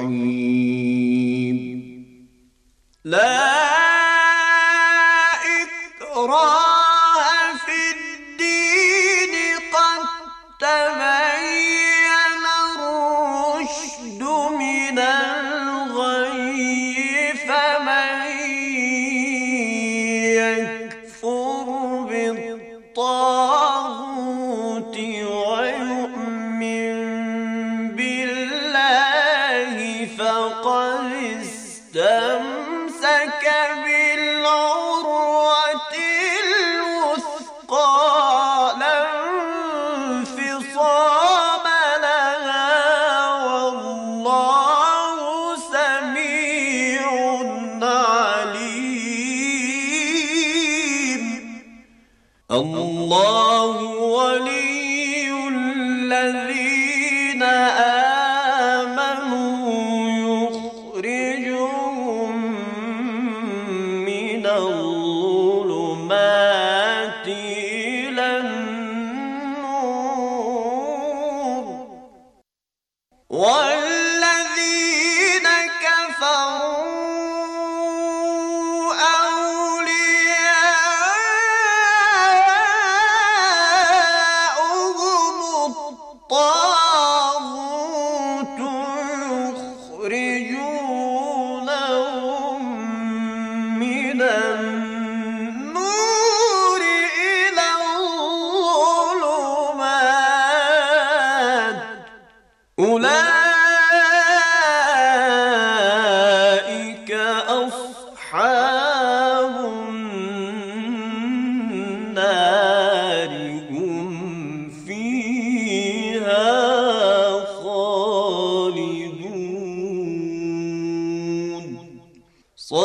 الرحيم لا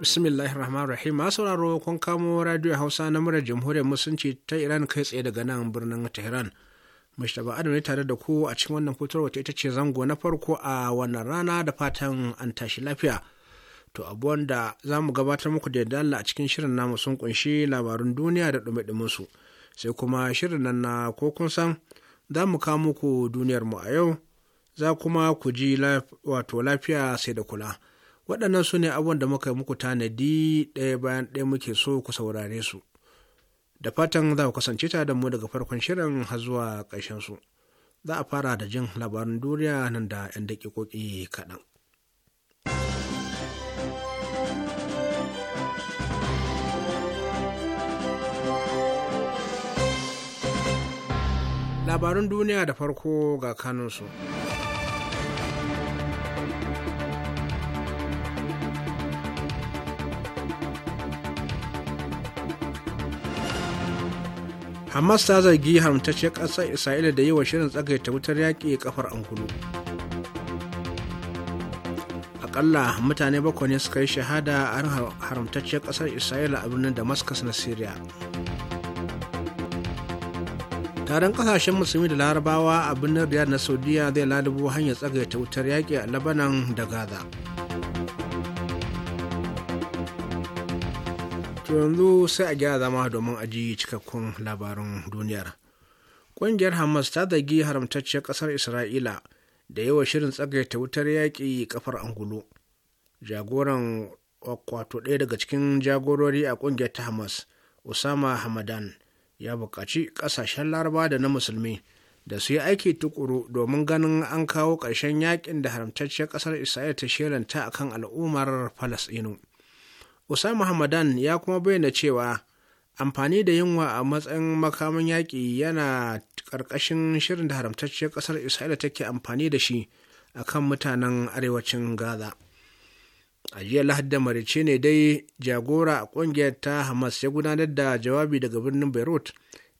bismillahir rahmanir rahim ma sauraro kun kamo radio hausa na murar jamhuriyar musulunci ta iran kai tsaye daga nan birnin tehran mashtaba adam ne tare da ku a cikin wannan fitowar wata ita ce zango na farko a wannan rana da fatan an tashi lafiya to abuwan da za mu gabatar muku da yadda a cikin shirin namu sun kunshi labarun duniya da ɗume su sai kuma shirin nan na ko kun san za mu kawo muku duniyar mu a yau za kuma ku ji wato lafiya sai da kula waɗannan su ne abubuwan da muka yi muku tanadi ɗaya bayan ɗaya muke so ku saurare su da fatan za ku kasance ta da mu daga farkon shirin har zuwa ƙarshen su za a fara da jin labarin duniya nan da 'yan daƙiƙoƙi kaɗan labarun duniya da farko ga kanunsu. hamas ta zargi haramtacciyar ƙasar isra'ila da yi wa shirin tsagaita wutar yaƙi kafar angulu akalla mutane bakwai ne suka yi shahada a haramtacciyar ƙasar isra'ila a birnin damascus na syria taron ƙasashen musulmi da larabawa a birnin riyadh na saudiya zai lalubo hanyar tsagaita wutar yaƙi a labanan da gaza To yanzu sai a gyara zama domin a ji cikakkun labarin duniyar. Ƙungiyar Hamas ta zagi haramtacciyar ƙasar Isra'ila da yawa shirin tsagaita wutar yaƙi kafar angulu. Jagoran wato ɗaya daga cikin jagorori a ƙungiyar ta Hamas, Usama Hamadan, ya buƙaci ƙasashen Laraba da na Musulmi da su yi aiki tukuru domin ganin an kawo ƙarshen yaƙin da haramtacciyar ƙasar Isra'ila ta shelanta akan al'ummar Falasɗinu. Usama Hamadan ya kuma bayyana cewa amfani da yunwa a matsayin makamin yaƙi yana ƙarƙashin shirin da haramtacciyar ƙasar Isra'ila take amfani da shi a kan mutanen arewacin Gaza. A jiya Lahadi Marice ne dai jagora a ƙungiyar ta Hamas ya gudanar da jawabi daga birnin Beirut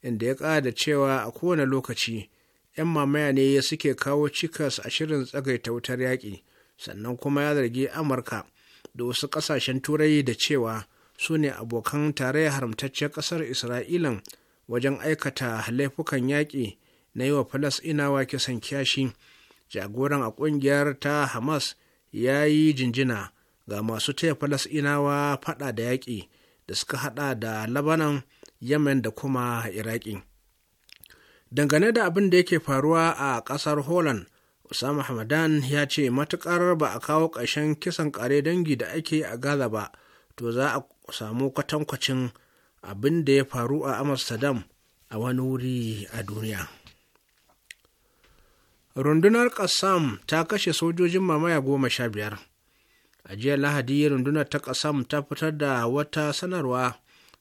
inda ya ƙara da cewa a kowane lokaci 'yan mamaya ne suke kawo cikas a shirin tsagaita wutar yaƙi sannan kuma ya zargi Amurka. da wasu ƙasashen turai da cewa su ne abokan tare haramtacciyar ƙasar isra'ilan wajen aikata laifukan yaƙi na yi wa falasɗinawa kisan kyashi jagoran a ƙungiyar ta hamas ya yi jinjina ga masu taya falasɗinawa faɗa da yaƙi da suka haɗa da labanan yemen da kuma iraki dangane da abin da yake faruwa a ƙasar holland Usama Hamadan ya ce matuƙar ba a kawo ƙarshen kisan ƙare dangi da ake a Gaza ba, to za a samu kwatankwacin abin da ya faru a Amsterdam a wani wuri a duniya. Rundunar ƙasam ta kashe sojojin mamaya goma sha biyar. A jiya Lahadi rundunar ta ƙasam ta fitar da wata sanarwa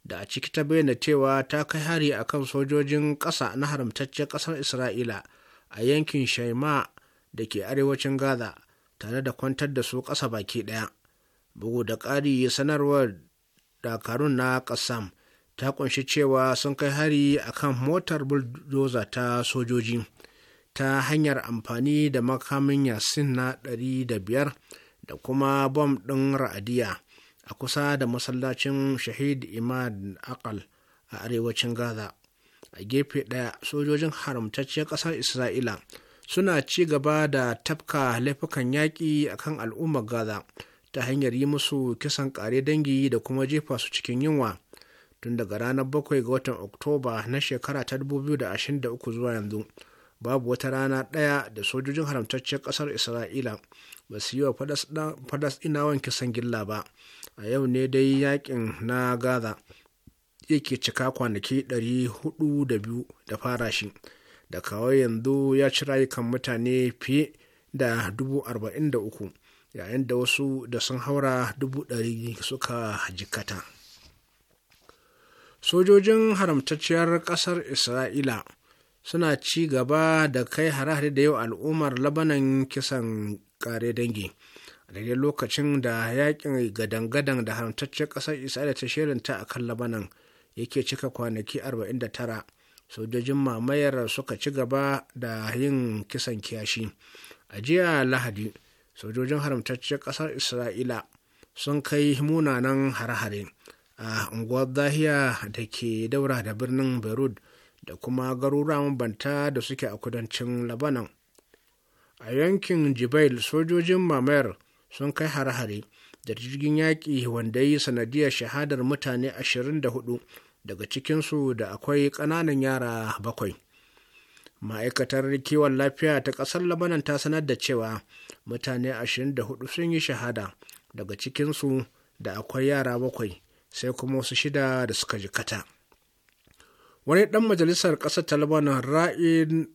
da a ciki ta bayyana cewa ta kai hari akan sojojin ƙasa na haramtaccen ƙasar Isra'ila a yankin Shaima da ke arewacin gaza tare da kwantar da su ƙasa baki ɗaya bugu da ƙari sanarwar dakarun na ƙasam ta kunshi cewa sun kai hari a kan motar buldoza ta sojoji ta hanyar amfani da makamin yasin na 500 da kuma bom ɗin ra'adiya a kusa da masallacin shahid imad akal a arewacin gaza a gefe ɗaya sojojin haramtacciyar ƙasar isra'ila suna ci gaba da tafka laifukan yaƙi a kan al'ummar gaza ta hanyar yi musu kisan ƙare dangi da kuma jefa su cikin yunwa tun daga ranar 7 ga watan oktoba na shekara ta 2023 zuwa yanzu babu wata rana ɗaya da sojojin haramtaccen ƙasar isra'ila ba su yi wa inawan kisan gilla ba a yau ne dai yaƙin na gaza yake cika kwanaki 402 da fara shi da kawai yanzu ya ci rayukan mutane fiye da dubu arba'in da uku yayin da wasu da sun haura dubu ɗari suka jikata sojojin haramtacciyar ƙasar isra'ila suna ci gaba da kai harare da yau al'ummar labanan kisan kare dangi a daidai lokacin da yakin gadan-gadan da haramtacciyar ƙasar isra'ila ta shirinta a kan labanan yake cika kwanaki 49 sojojin mamayar suka ci gaba da yin kisan kiyashi a jiya lahadi sojojin haramtaccen ƙasar isra'ila sun kai munanan hare-hare a unguwar zahiya da ke daura da birnin beirut da kuma garura mabanta da suke a kudancin labanan a yankin jibail sojojin mamayar sun kai hare-hare da jirgin yaƙi wanda yi sanadiyar shahadar mutane 24 daga cikinsu da akwai ƙananan yara bakwai ma'aikatar kiwon lafiya ta ƙasar labanan ta sanar da cewa mutane 24 sun yi shahada daga cikinsu da akwai yara bakwai sai kuma wasu shida da suka jikata wani ɗan majalisar ƙasar ta labanan ra'in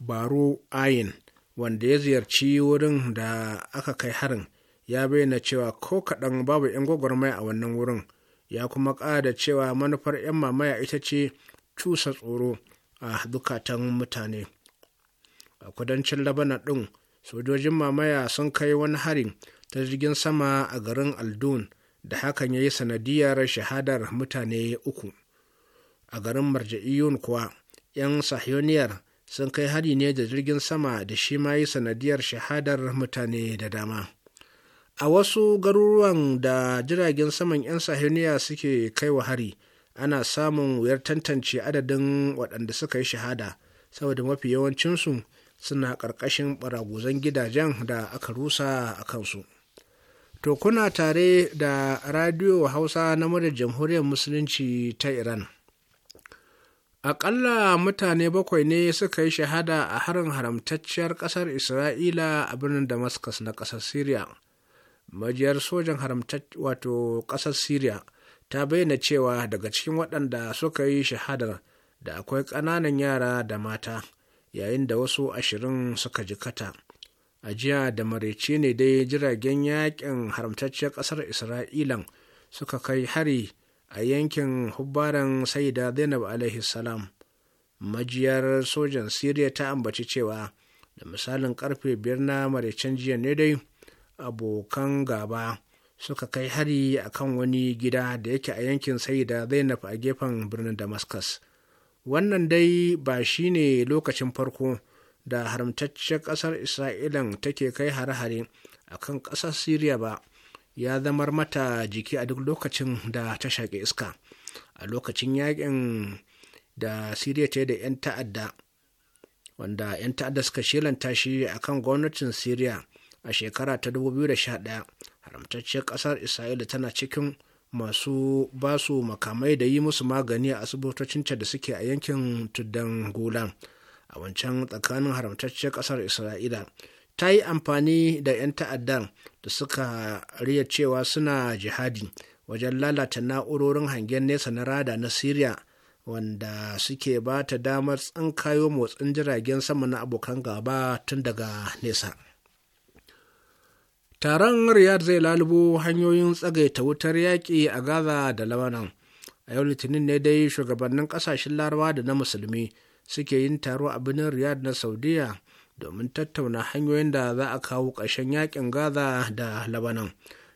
baro ayin wanda ya ziyarci wurin da aka kai harin ya bayyana cewa ko kaɗan babu 'yan gwagwarmaya a wannan wurin ya kuma ƙada cewa manufar 'yan mamaya ita ce cusa tsoro a dukatan mutane a kudancin labanan ɗin sojojin mamaya sun kai wani harin ta jirgin sama a garin aldun da hakan ya yi sanadiyar shahadar mutane uku a garin marja'iyun kuwa 'yan sahyoniyar sun kai hari ne da jirgin sama da shi ma yi sanadiyar shahadar mutane da dama a wasu garuruwan da jiragen saman 'yan sahiniya suke kai wa hari ana samun wuyar tantance adadin waɗanda suka yi shahada saboda mafi yawancinsu suna ƙarƙashin ɓaraguzan gidajen da aka rusa a kansu. To kuna tare da Radio Hausa na murar Jamhuriyar Musulunci ta Iran. Aƙalla mutane bakwai ne suka yi shahada a harin haramtacciyar ƙasar Isra'ila a birnin Damascus na ƙasar Syria. majiyar sojan haramta wato ƙasar syria ta bayyana cewa daga cikin waɗanda suka yi shahadar da akwai ƙananan yara da mata yayin da wasu ashirin suka jikata a jiya da maraice ne dai jiragen yakin haramtacciyar ƙasar isra'ilan suka kai hari a yankin hubbaran saida zainab alaihi salam majiyar sojan siriya ta ambaci cewa da misalin karfe biyar na maraicen jiya ne dai abokan gaba suka kai hari a kan wani gida da yake a yankin saida zainab a gefen birnin damascus wannan dai ba shi ne lokacin farko da haramtaccen ƙasar isra'ilan take kai hare-hare a kan ƙasar syria ba ya zamar mata jiki a duk lokacin da ta shaƙi iska a lokacin yaƙin da syria ta da 'yan ta'adda wanda 'yan ta'adda suka shelanta shi a kan gwamnatin syria a shekara ta 2011 haramtacciyar ƙasar isra'ila tana cikin masu basu makamai da yi musu magani a asibitocinta da suke a yankin tuddan gulan a wancan tsakanin haramtacciyar ƙasar isra'ila ta yi amfani da 'yan ta'addan da suka riya cewa suna jihadi wajen lalata na'urorin hangen nesa na rada na syria wanda suke ba ta damar tsinkayo motsin jiragen sama na abokan gaba tun daga nesa. taron riyad zai lalubo hanyoyin tsagaita wutar yaƙi a gaza da labanan a yau litinin ne dai shugabannin ƙasashen larabawa da na musulmi suke yin taro a birnin riyad na saudiya domin tattauna hanyoyin da za a kawo ƙarshen yaƙin gaza da labanan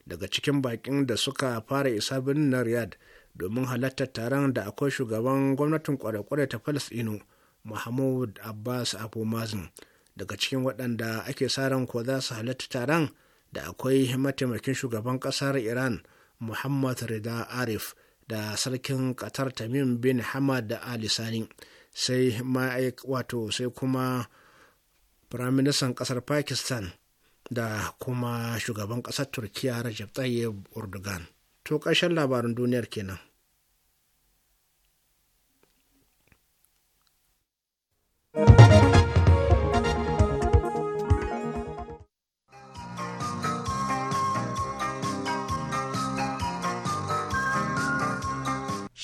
daga cikin baƙin da suka fara isa birnin na riyad domin halartar taron da akwai shugaban gwamnatin ƙware kware ta falasɗinu mahmud abbas abu mazin daga cikin waɗanda ake sa ran ko za su halarta taron da akwai mataimakin shugaban ƙasar iran muhammad rida arif da sarkin qatar tamim bin hamad da ali sani sai wato sai kuma firaministan ƙasar pakistan da kuma shugaban ƙasar turkiya rajab tayyip erdogan to ƙarshen labarin duniyar kenan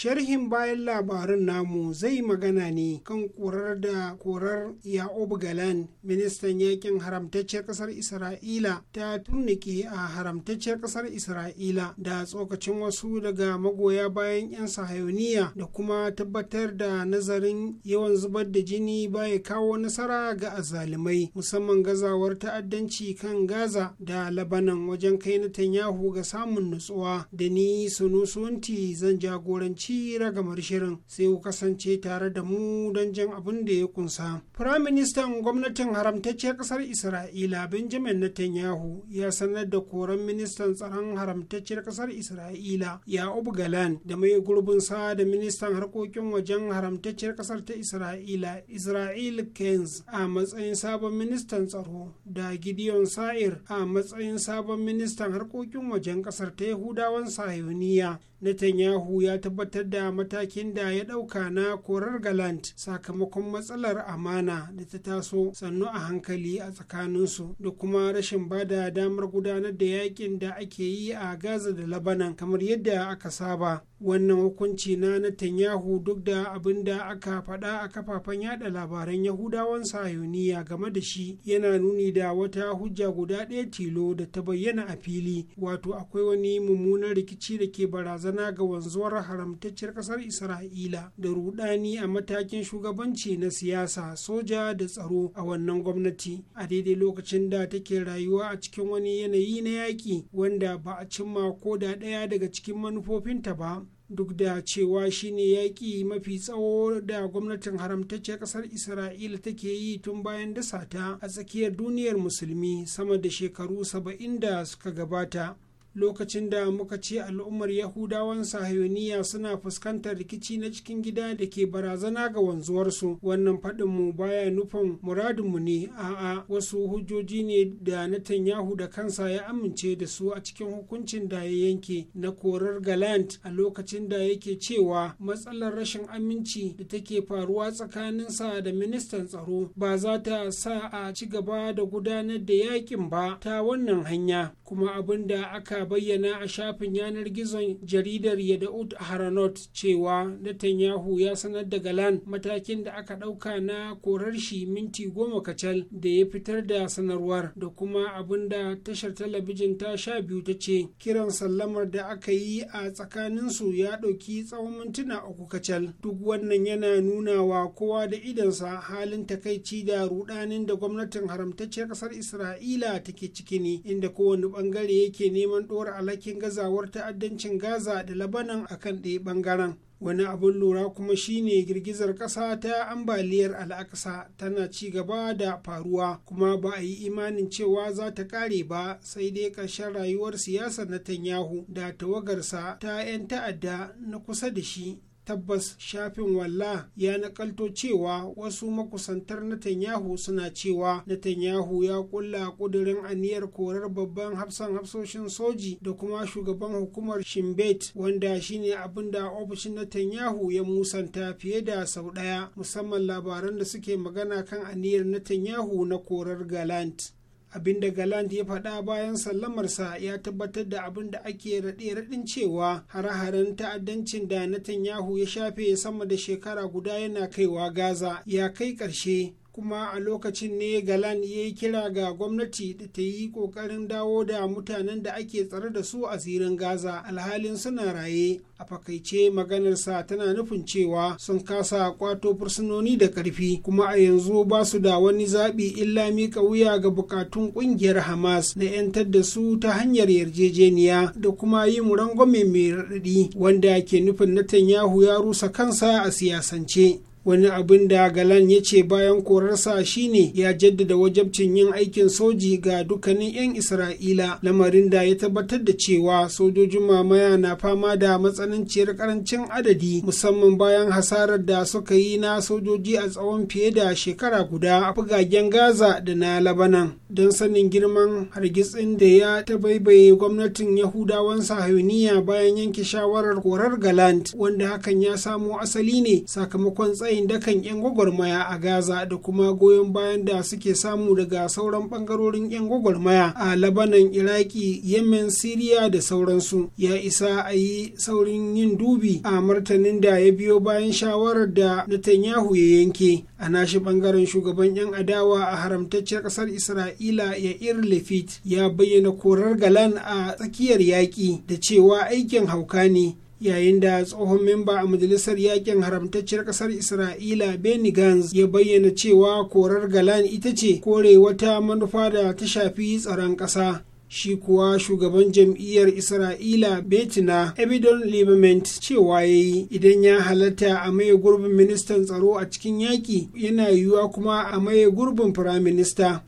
sharhin bayan labarin namu zai magana ne kan korar da korar ya'ub galan ministan yakin haramtacciyar kasar isra'ila ta turnike a haramtacciyar kasar isra'ila da tsokacin wasu daga magoya bayan 'yan sahayoniya da kuma tabbatar da nazarin yawan zubar da jini baya kawo nasara ga azalimai musamman gazawar ta'addanci kan gaza da labanan wajen kai na tanyahu ga samun nutsuwa da ni sunusunti zan jagoranci ɗauki ga shirin sai ku kasance tare da mu don jan abin da ya kunsa. Firaministan gwamnatin haramtacciyar ƙasar Isra'ila Benjamin Netanyahu ya sanar da koren ministan tsaron haramtacciyar ƙasar Isra'ila Ya'ub Galan da mai gurbin sa da ministan harkokin wajen haramtacciyar ƙasar ta Isra'ila Isra'il Kenz a matsayin sabon ministan tsaro da Gideon Sa'ir a matsayin sabon ministan harkokin wajen ƙasar ta Yahudawan Sahiyoniya. Netanyahu ya tabbatar tabbatar da matakin da ya ɗauka na korar galant sakamakon matsalar amana da ta taso sannu a hankali a tsakaninsu da kuma rashin ba da damar gudanar da yakin da ake yi a gaza da labanan kamar yadda aka saba wannan hukunci na Netanyahu duk da abin da aka faɗa a kafafen yada labaran Yahudawan sayuniya game da shi yana nuni da wata hujja guda ɗaya tilo da ta bayyana a fili wato akwai wani mummunan rikici da ke barazana ga wanzuwar haramtacciyar ƙasar Isra'ila da rudani a matakin shugabanci na siyasa soja da tsaro a wannan gwamnati a daidai lokacin da take rayuwa a cikin wani yanayi na yaƙi wanda ba a cimma ko da ɗaya daga cikin manufofinta ba duk da cewa shine yaƙi mafi tsawo da gwamnatin haramtacce ƙasar isra'ila take yi tun bayan dasa ta a tsakiyar duniyar musulmi sama da shekaru saba'in da suka gabata lokacin da muka ce al'ummar yahudawan sahayoniya suna fuskantar rikici na cikin gida da ke barazana ga wanzuwarsu wannan faɗinmu baya nufin muradinmu ne a'a wasu hujjoji ne da Netanyahu da kansa ya amince da su a cikin hukuncin da ya yanke na korar galant a lokacin da yake cewa matsalar rashin aminci da take faruwa tsakaninsa da ministan tsaro ba za ta sa a ci gaba da gudanar da yakin ba ta wannan hanya kuma abin da aka a bayyana a shafin yanar gizon jaridar yadda'ud Haranot cewa Netanyahu ya sanar da Galan matakin da aka ɗauka na korar shi minti goma kacal da ya fitar da sanarwar da kuma abin da tashar talabijin ta sha biyu ta ce kiran sallamar da aka yi a tsakaninsu ya ɗauki tsawon mintuna uku kacal duk wannan yana nuna wa kowa da idansa halin takaici da rudanin da gwamnatin haramtacciyar ƙasar Isra'ila take ciki ne inda kowane bangare yake neman ɗora alhakin gazawar ta'addancin gaza da labanan akan ɗaya ɓangaren wani abin lura kuma shine girgizar ƙasa ta ambaliyar al'aksa tana ci gaba da faruwa kuma ba a yi imanin cewa za ta ƙare ba sai dai ƙarshen rayuwar siyasa na tanyahu da tawagarsa ta 'yan ta'adda na kusa da shi tabbas shafin walla ya nakalto cewa wasu makusantar Netanyahu suna cewa Netanyahu ya kulla kudirin aniyar korar babban hafsan hafsoshin soji da kuma shugaban hukumar Shimbet wanda shine abin da ofishin Netanyahu ya musanta fiye da sau ɗaya musamman labaran da suke magana kan aniyar Netanyahu na korar Galant. Abin da galand ya faɗa bayan sallamarsa ya tabbatar da abin da ake raɗe-raɗin cewa hare-haren ta'addancin da netanyahu ya shafe sama da shekara guda yana kaiwa gaza ya kai ƙarshe kuma a lokacin ne galan ya yi kira ga gwamnati da ta yi kokarin dawo da mutanen da ake tsare da su a tsirin gaza alhalin suna raye a fakaice maganarsa tana nufin cewa sun kasa kwato fursunoni da karfi kuma a yanzu ba su da wani zaɓi illa miƙa wuya ga bukatun ƙungiyar hamas na 'yantar da su ta hanyar yarjejeniya da kuma yin rangwame mai raɗaɗi wanda ke nufin netanyahu ya rusa kansa a siyasance wani abin da galan ya ce bayan korarsa shine ya jaddada wajabcin yin aikin soji ga dukkanin 'yan isra'ila lamarin da ya tabbatar da cewa sojojin mamaya na fama da matsananciyar karancin adadi musamman bayan hasarar da suka yi na sojoji a tsawon fiye da shekara guda a bugagen gaza da na labanan don sanin girman hargitsin da ya tabaibaye gwamnatin yahudawan sahuniya bayan yanke shawarar korar galant wanda hakan ya samo asali ne sakamakon tsaye yin dakan 'yan gwagwarmaya a gaza da kuma goyon bayan da suke samu daga sauran bangarorin 'yan gwagwarmaya a labanan iraki yemen siriya da sauransu ya isa a yi saurin yin dubi a martanin da ya biyo bayan shawarar da netanyahu ya yanke a nashi bangaren shugaban 'yan adawa a haramtacciyar kasar isra'ila yair lefit ya bayyana korar galan a tsakiyar yaƙi da cewa aikin hauka ne yayin da tsohon memba a majalisar yakin haramtacciyar kasar isra'ila benny gantz ya bayyana cewa korar galan ita ce kore wata manufa da ta shafi tsaron ƙasa shi kuwa shugaban jam'iyyar isra'ila betina abidon liberment cewa ya yi idan ya halatta a maye gurbin ministan tsaro a cikin yaƙi yana yiwuwa kuma a maye gurbin firaminista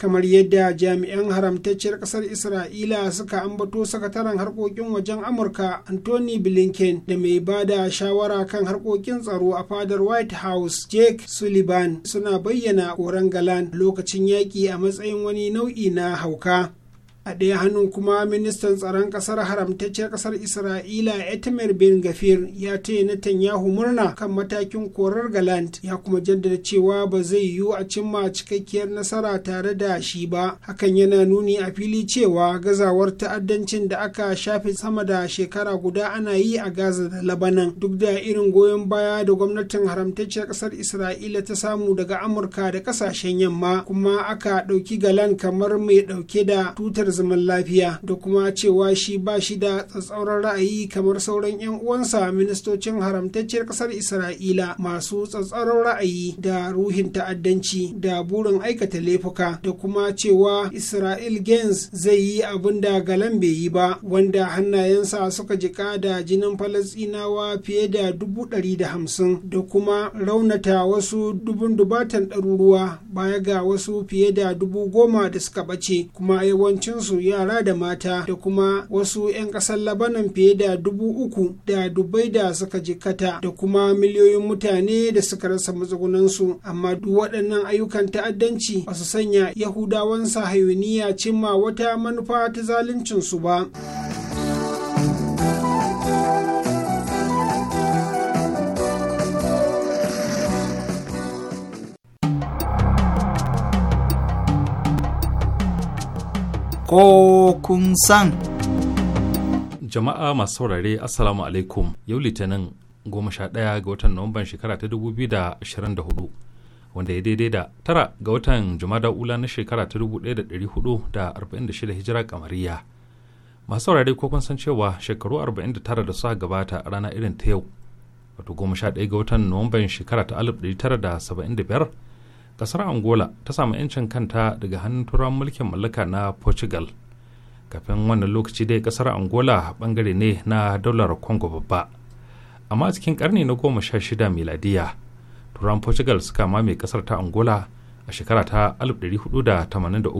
kamar yadda jami'an haramtacciyar kasar isra'ila suka ambato sakataren harkokin wajen amurka anthony blinken da mai ba da shawara kan harkokin tsaro a fadar white house jake sullivan suna bayyana koren galan lokacin yaƙi a matsayin wani nau'i na hauka a ɗaya hannun kuma ministan tsaron ƙasar haramtacciyar ƙasar isra'ila etmer ben gafir ya taya netanyahu murna kan matakin korar galant ya kuma jaddada cewa ba zai yiwu a cimma cikakkiyar nasara tare da shi ba hakan yana nuni a fili cewa gazawar ta'addancin da aka shafe sama da shekara guda ana yi a gaza da labanan duk da irin goyon baya da gwamnatin haramtacciyar ƙasar isra'ila ta samu daga amurka da ƙasashen yamma kuma aka ɗauki galan kamar mai ɗauke da tutar buƙatar zaman lafiya da kuma cewa shi ba shi da tsatsauran ra'ayi kamar sauran 'yan uwansa ministocin haramtacciyar kasar isra'ila masu tsatsauran ra'ayi da ruhin ta'addanci da burin aikata laifuka da kuma cewa isra'il gens zai yi abin da galan bai yi ba wanda hannayensa suka jika da jinin falasinawa fiye da dubu ɗari da hamsin da kuma raunata wasu dubun dubatan ɗaruruwa baya ga wasu fiye da dubu goma da suka bace kuma yawancin su yara da mata da kuma wasu 'yan ƙasar labanan fiye da dubu uku da dubai da suka jikkata da kuma miliyoyin mutane da suka rasa matsugunansu amma duk waɗannan ayyukan ta'addanci ba su sanya yahudawan sahayuniya cimma wata manufa ta zaluncinsu ba. ko kun san. Jama'a masu saurare Assalamu alaikum yau litinin goma sha ɗaya ga watan Nuwamban shekara ta dubu biyu da ashirin da hudu wanda ya daidai da tara ga watan Jumada Ula na shekara ta dubu ɗaya da ɗari hudu da arba'in da shida hijira kamariya. Masu saurare ko kun san cewa shekaru arba'in da tara da suka gabata a rana irin ta yau wato goma sha ɗaya ga watan Nuwamban shekara ta alif ɗari tara da saba'in da biyar kasar angola ta samu 'yancin kanta daga hannun turawan mulkin mallaka na portugal kafin wannan lokaci dai kasar angola bangare ne na daular congo babba amma cikin karni na goma sha shida miladiya turawan portugal suka mame kasar ta angola a shekara ta 1483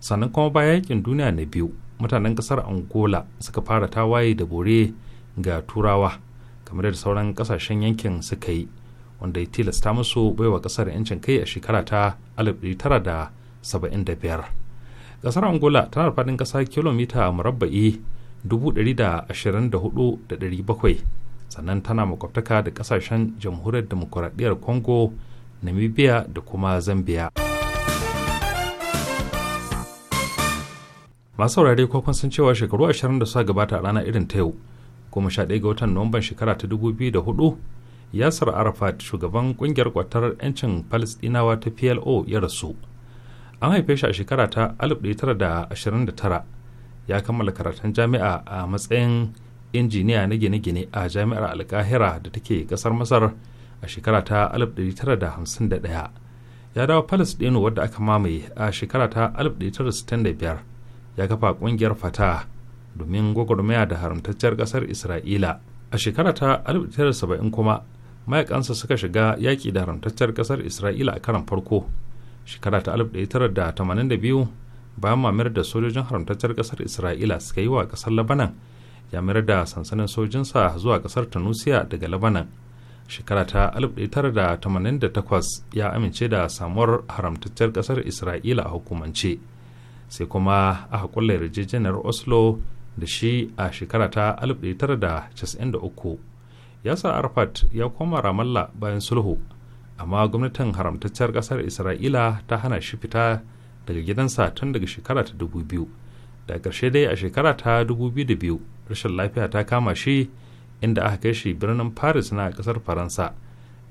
sannan kuma bayan yakin duniya na biyu mutanen kasar angola suka fara tawaye da bore ga turawa kamar da sauran kasashen yankin suka yi wanda ya tilasta musu baiwa kasar yancin kai a shekara ta 1975 kasar angola tana da fadin kasa kilomita murabba'i 124,700 sannan tana makwabtaka da kasashen jamhuriyar demokuraɗiyar congo namibia da kuma zambia masu saurare ko kun cewa shekaru 20 da suka gabata a rana irin ta yau kuma ɗaya ga watan nuwamban shekara ta 2004 yasir arafat shugaban kungiyar kwatar 'yancin palestinawa ta plo ya rasu an haife shi a shekara ta 1929 ya kammala karatun jami'a a matsayin injiniya na gine-gine a jami'ar alkahira da take kasar masar a shekara ta 1951 ya dawo dinu wadda aka mamaye a shekara ta 1965 ya kafa kungiyar fata domin gwagwarmaya da haramtacciyar kasar isra'ila a shekara ta 1970 kuma mayakansa suka shiga yaƙi da haramtacciyar ƙasar isra'ila a karan farko shekara ta 1982 bayan mamayar da sojojin haramtacciyar ƙasar isra'ila suka yi wa ƙasar labanan ya mayar da sansanin sojinsa zuwa ƙasar tunisia daga labanan shekara ta 1988 ya amince da samuwar haramtacciyar ƙasar isra'ila a hukumance sai kuma aka kulle yarjejeniyar oslo da shi a shekara ta 1993 ya sa arfat ya koma ramallah bayan sulhu amma gwamnatin haramtacciyar ƙasar isra'ila ta hana shi fita daga gidansa tun daga shekara ta dubu biyu da ƙarshe dai a shekara ta dubu rashin lafiya ta kama shi inda aka kai shi birnin paris na ƙasar faransa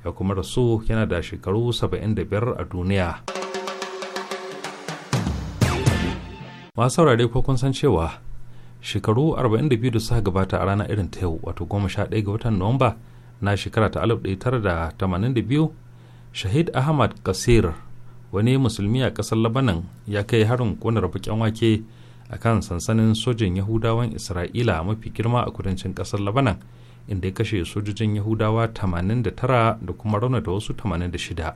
ya kuma rasu yana da shekaru 75 a duniya masu saurare ko kun san cewa shekaru 42 da suka gabata a rana irin ta yau wato 11 ga watan nuwamba na shekara ta 1982 shahid ahmad kasir wani musulmi a ƙasar labanan ya kai harin kunar bakin wake a kan sansanin sojin yahudawan isra'ila mafi girma a kudancin ƙasar labanan inda ya kashe sojojin yahudawa 89 da kuma raunata wasu 86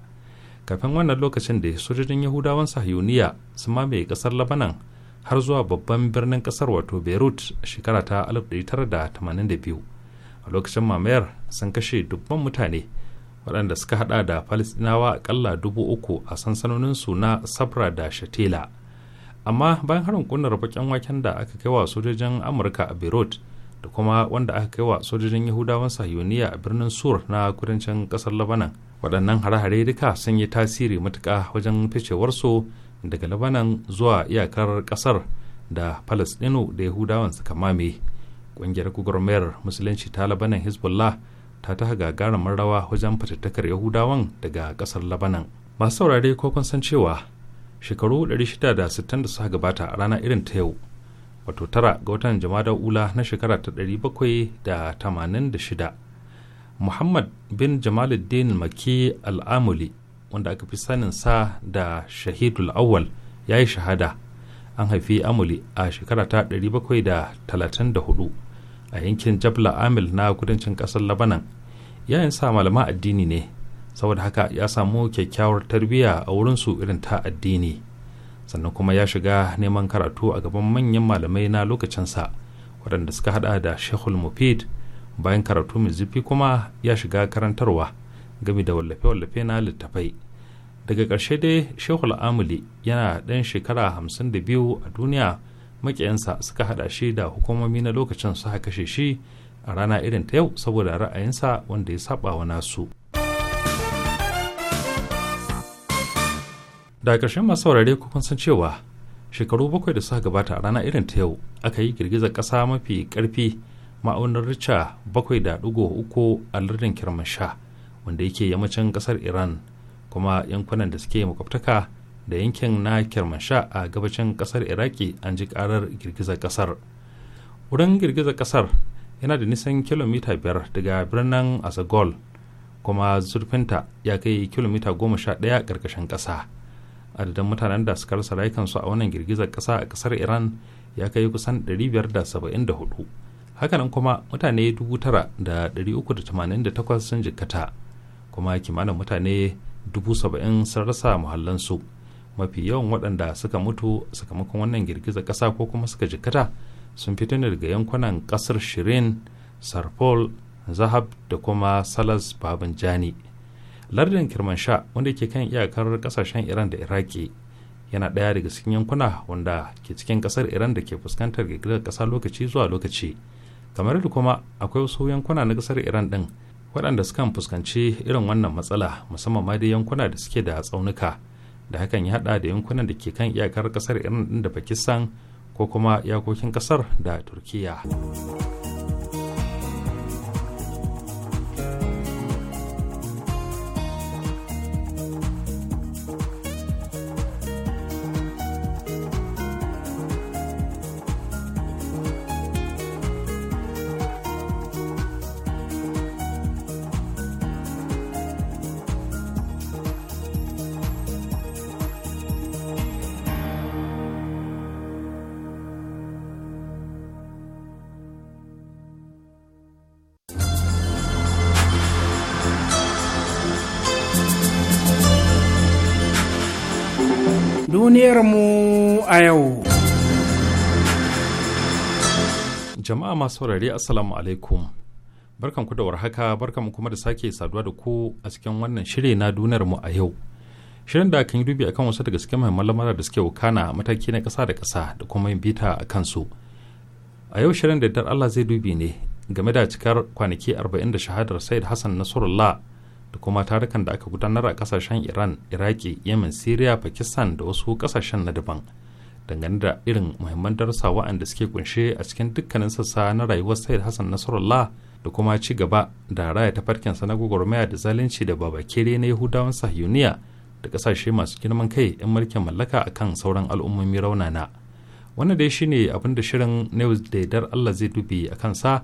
kafin wannan lokacin da sojojin yahudawan sahiyuniya sun mamaye ƙasar labanan har zuwa babban birnin kasar wato beirut shekara ta 1982 a lokacin mamayar sun kashe dubban mutane waɗanda suka hada da falisdinawa akalla dubu uku a sansanoninsu na sabra da shatila amma bayan harin kunnar bakin waken da aka kai wa sojojin amurka a beirut da kuma wanda aka kai wa sojojin yahudawan sahiyoniya a birnin sur na kudancin ƙasar labanan waɗannan hare-hare duka sun yi tasiri matuka wajen ficewarsu daga labanan zuwa iyakar kasar da palestino da yahudawan suka mame ƙungiyar gwagwarmayar musulunci ta labanan hezbollah ta ta gagarumin rawa wajen fitattakar yahudawan daga kasar labanan masu saurare ko kun san cewa shekaru 660 da suka gabata a rana irin ta yau wato tara ga watan jama'a ula na shekara ta da tamanin 786 muhammad bin jamaluddin maki al'amuli wanda aka fi sanin sa da shahidul awwal ya yi shahada an haifi amuli a shekara ta 734 a yankin jabla amil na kudancin kasar labanan yayin sa malama addini ne saboda haka ya samu kyakkyawar tarbiyya a wurinsu irin ta addini sannan kuma ya shiga neman karatu a gaban manyan malamai na lokacinsa waɗanda suka hada da shehul mufid bayan karatu mai zufi kuma ya shiga karantarwa game da wallafe-wallafe na littafai daga ƙarshe dai shehul al'amuli yana ɗan shekara hamsin da biyu a duniya makiyansa suka haɗa shi da hukumomi na lokacin haka kashe shi a rana irin ta yau saboda ra'ayinsa wanda ya saba wa nasu daga ƙarshen masu saurare kun san cewa shekaru bakwai da suka gabata a rana irin ta yau aka yi girgizar ƙasa mafi ƙarfi ma'aunar rica bakwai da ɗigo uku a lardin kirmansha wanda yake yammacin kasar iran kuma yankunan da suke makwabtaka da yankin na kirmansha a gabacin kasar iraki an ji karar girgizar kasar wurin girgizar kasar yana da nisan kilomita biyar daga birnin asagol kuma zurfinta ya kai kilomita goma sha ɗaya karkashin ƙasa adadin mutanen da suka rasa rayukansu a wannan girgizar ƙasa a kasar iran ya kai kusan 574 hakanan kuma mutane 9,388 sun jikata. kuma kimanin mutane dubu saba'in sun rasa muhallansu mafi yawan waɗanda suka mutu sakamakon wannan girgiza ƙasa ko kuma suka jikata sun fito ne daga yankunan ƙasar shirin sarpol zahab da kuma salas babin jani lardin kirmansha wanda ke kan iyakar ƙasashen iran da iraki yana ɗaya daga cikin yankuna wanda ke cikin ƙasar iran da ke fuskantar girgizar ƙasa lokaci zuwa lokaci kamar da kuma akwai wasu yankuna na ƙasar iran ɗin waɗanda sukan fuskanci irin wannan matsala musamman ma da yankuna da suke da tsaunuka da hakan ya haɗa da yankunan da ke kan iyakar ƙasar irin da pakistan ko kuma iyakokin ƙasar da turkiya yau. Jama'a masu saurari Assalamu alaikum. Barkanku da warhaka, barkanku kuma da sake saduwa da ku a cikin wannan shiri na duniyar mu a yau. Shirin da kan yi dubi akan wasu daga cikin muhimman lamura da suke wakana mataki na kasa da kasa da kuma yin bita a kansu. A yau shirin da dar Allah zai dubi ne game da cikar kwanaki arba'in da shahadar Said Hassan Nasrullah da kuma tarukan da aka gudanar a kasashen Iran, Iraki, Yemen, Syria, Pakistan da wasu kasashen na daban. dangane da irin muhimman darussa waɗanda suke kunshe a cikin dukkanin sassa na rayuwar sayar hassan nasarallah da kuma ci gaba da raya tafarkinsa na gwagwarmaya da zalunci da babakere na yahudawan sahiyuniya da ƙasashe masu girman kai 'yan mulkin mallaka akan sauran al'ummomi raunana wannan dai shine abin da shirin news da dar allah zai dubi a kansa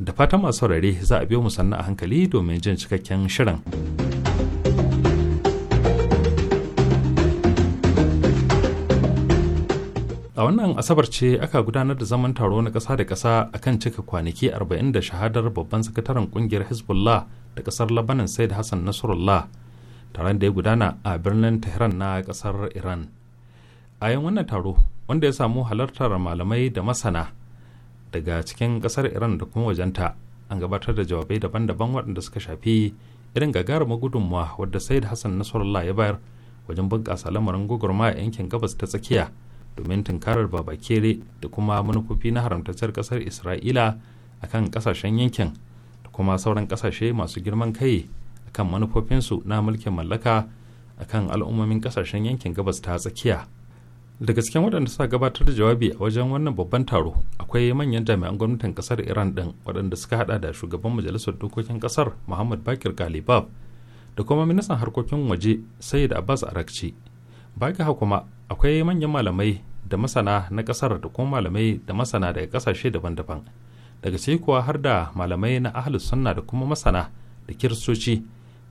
da fatan masu saurare za a biyo mu sannan a hankali domin jin cikakken shirin. a wannan asabar ce aka gudanar da zaman taro na ƙasa da ƙasa kan cika kwanaki 40 da shahadar babban sakataren kungiyar hezbollah da ƙasar labanan said hassan nasrullah tare da ya gudana a birnin tehran na ƙasar iran a yin wannan taro wanda ya samu halartar malamai da masana daga cikin ƙasar iran da kuma wajenta an gabatar da jawabai daban-daban waɗanda suka shafi irin gagarumar gudunmawa wadda said hassan nasrullah ya bayar wajen bunƙasa lamarin gwagwarmaya yankin gabas ta tsakiya domin tunkarar babakere da kuma manufofi na haramtacciyar kasar isra'ila a kan kasashen yankin da kuma sauran kasashe masu girman kai a kan manufofinsu na mulkin mallaka a kan al'ummomin kasashen yankin gabas ta tsakiya daga cikin waɗanda suka gabatar da jawabi a wajen wannan babban taro akwai manyan jami'an gwamnatin kasar iran ɗin waɗanda suka haɗa da shugaban majalisar dokokin kasar muhammad bakir kalibab da kuma ministan harkokin waje sayyid abbas arakci baki kuma akwai manyan malamai da masana na kasar da kuma malamai da masana daga kasashe daban-daban daga sai kuwa har da malamai na ahlus sunna da kuma masana da kiristoci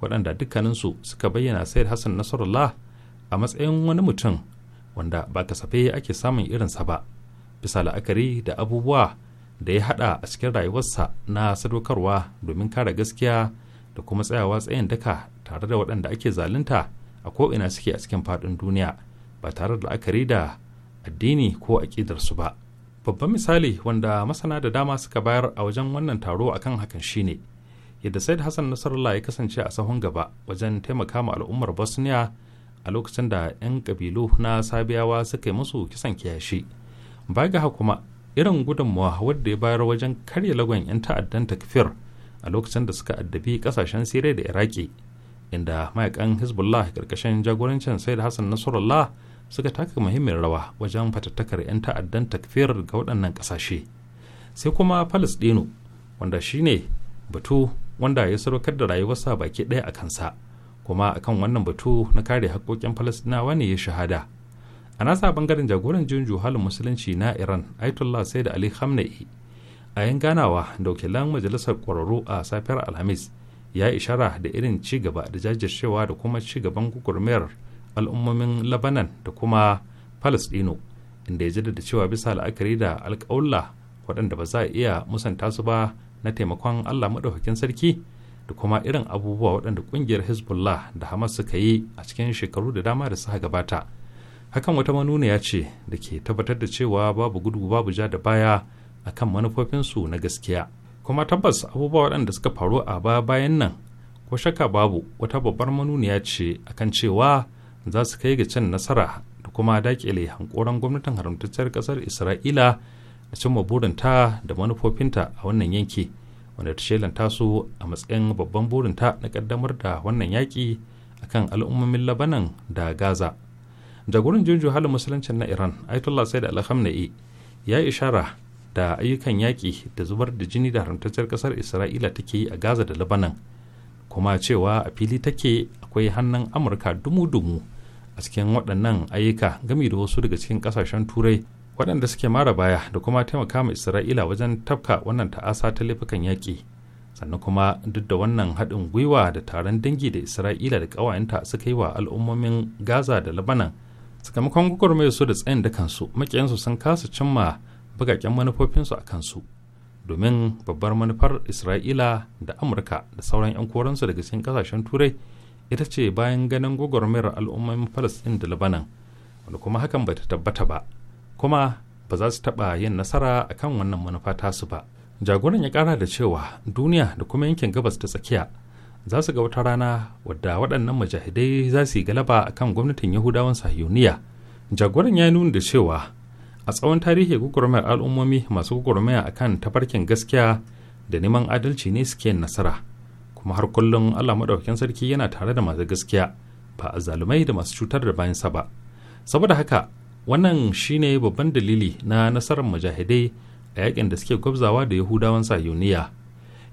waɗanda dukkaninsu suka bayyana sayar hassan nasarullah a matsayin wani mutum wanda ba kasafai ake samun irinsa ba bisa la'akari da abubuwa da ya haɗa a cikin rayuwarsa na sadaukarwa domin kare gaskiya da kuma tsayawa tsayin daka tare da waɗanda ake zalunta a ko'ina suke a cikin faɗin duniya ba tare da la'akari da addini ko aƙidarsu ba babban misali wanda masana da dama suka bayar a wajen wannan taro akan hakan shine yadda said hassan nasarallah ya kasance a sahun gaba wajen taimaka ma al'ummar bosnia a lokacin da 'yan kabilu na sabiyawa suka yi musu kisan kiyashi ba ga kuma irin gudunmuwa wadda ya bayar wajen karya lagon 'yan ta'addan takfir a lokacin da suka addabi kasashen siriya da iraki inda mayakan hezbollah karkashin jagorancin said hassan nasarallah suka taka muhimmin rawa wajen fatattakar 'yan ta'addan takfir ga waɗannan ƙasashe sai kuma palestino wanda shi ne batu wanda ya sadaukar da rayuwarsa baki ɗaya a kansa kuma akan wannan batu na kare haƙƙoƙin palestinawa ne ya shahada a nasa bangaren jagoran junju halin musulunci na iran ayatollah da ali khamenei a yan ganawa da wakilan majalisar ƙwararru a safiyar alhamis ya ishara da irin ci gaba da jajircewa da kuma ci gaban gugurmiyar al'ummomin labanan da kuma palestino inda ya jaddada cewa bisa la'akari da alƙawla waɗanda ba za a iya musanta su ba na taimakon allah maɗaukakin sarki da kuma irin abubuwa waɗanda ƙungiyar hezbollah da hamas suka yi a cikin shekaru da dama da suka gabata hakan wata manuniya ce da ke tabbatar da cewa babu gudu babu ja da baya akan manufofinsu na gaskiya kuma tabbas abubuwa waɗanda suka faru a baya bayan nan ko shakka babu wata babbar manuniya ce akan cewa za su kai ga cin nasara da kuma dakile hankoran gwamnatin haramtacciyar kasar isra'ila da cimma burinta da manufofinta a wannan yanki wanda ta shelanta su a matsayin babban burinta na kaddamar da wannan yaƙi kan al'ummomin labanan da gaza jagoran jinju halin musuluncin na iran ayatollah said alhamna'i ya ishara da ayyukan yaƙi da zubar da jini da haramtacciyar kasar isra'ila take yi a gaza da labanan kuma cewa a fili take akwai hannun amurka dumu-dumu a cikin waɗannan ayyuka gami da wasu daga cikin ƙasashen turai waɗanda suke mara baya da kuma taimaka ma isra'ila wajen tafka wannan ta'asa ta laifukan yaƙi sannan kuma duk da wannan haɗin gwiwa da taron dangi da isra'ila da ƙawayenta suka yi wa al'ummomin gaza da labanan sakamakon gwagwarmaya su da tsayin da kansu maƙiyansu sun kasa cimma bugaƙen manufofinsu a kansu domin babbar manufar isra'ila da amurka da sauran 'yan koransu daga cikin ƙasashen turai ita ce bayan ganin gwagwarmayar al'ummomin palestine da labanan wanda kuma hakan bata tabbata ba kuma ba za su taɓa yin nasara a kan wannan manufa tasu ba jagoran ya kara da cewa duniya da kuma yankin gabas ta tsakiya za su ga wata rana wadda waɗannan majahidai za su yi galaba a kan gwamnatin yahudawan sahiyoniya jagoran ya nuna da cewa a tsawon tarihi gwagwarmayar al'ummomi masu gwagwarmaya a kan tafarkin gaskiya da neman adalci ne suke nasara kuma har kullum Allah maɗaukakin sarki yana tare da masu gaskiya ba a zalumai da masu cutar da bayan sa ba saboda haka wannan shine babban dalili na nasarar mujahidai a yakin da suke gwabzawa da yahudawan sayuniya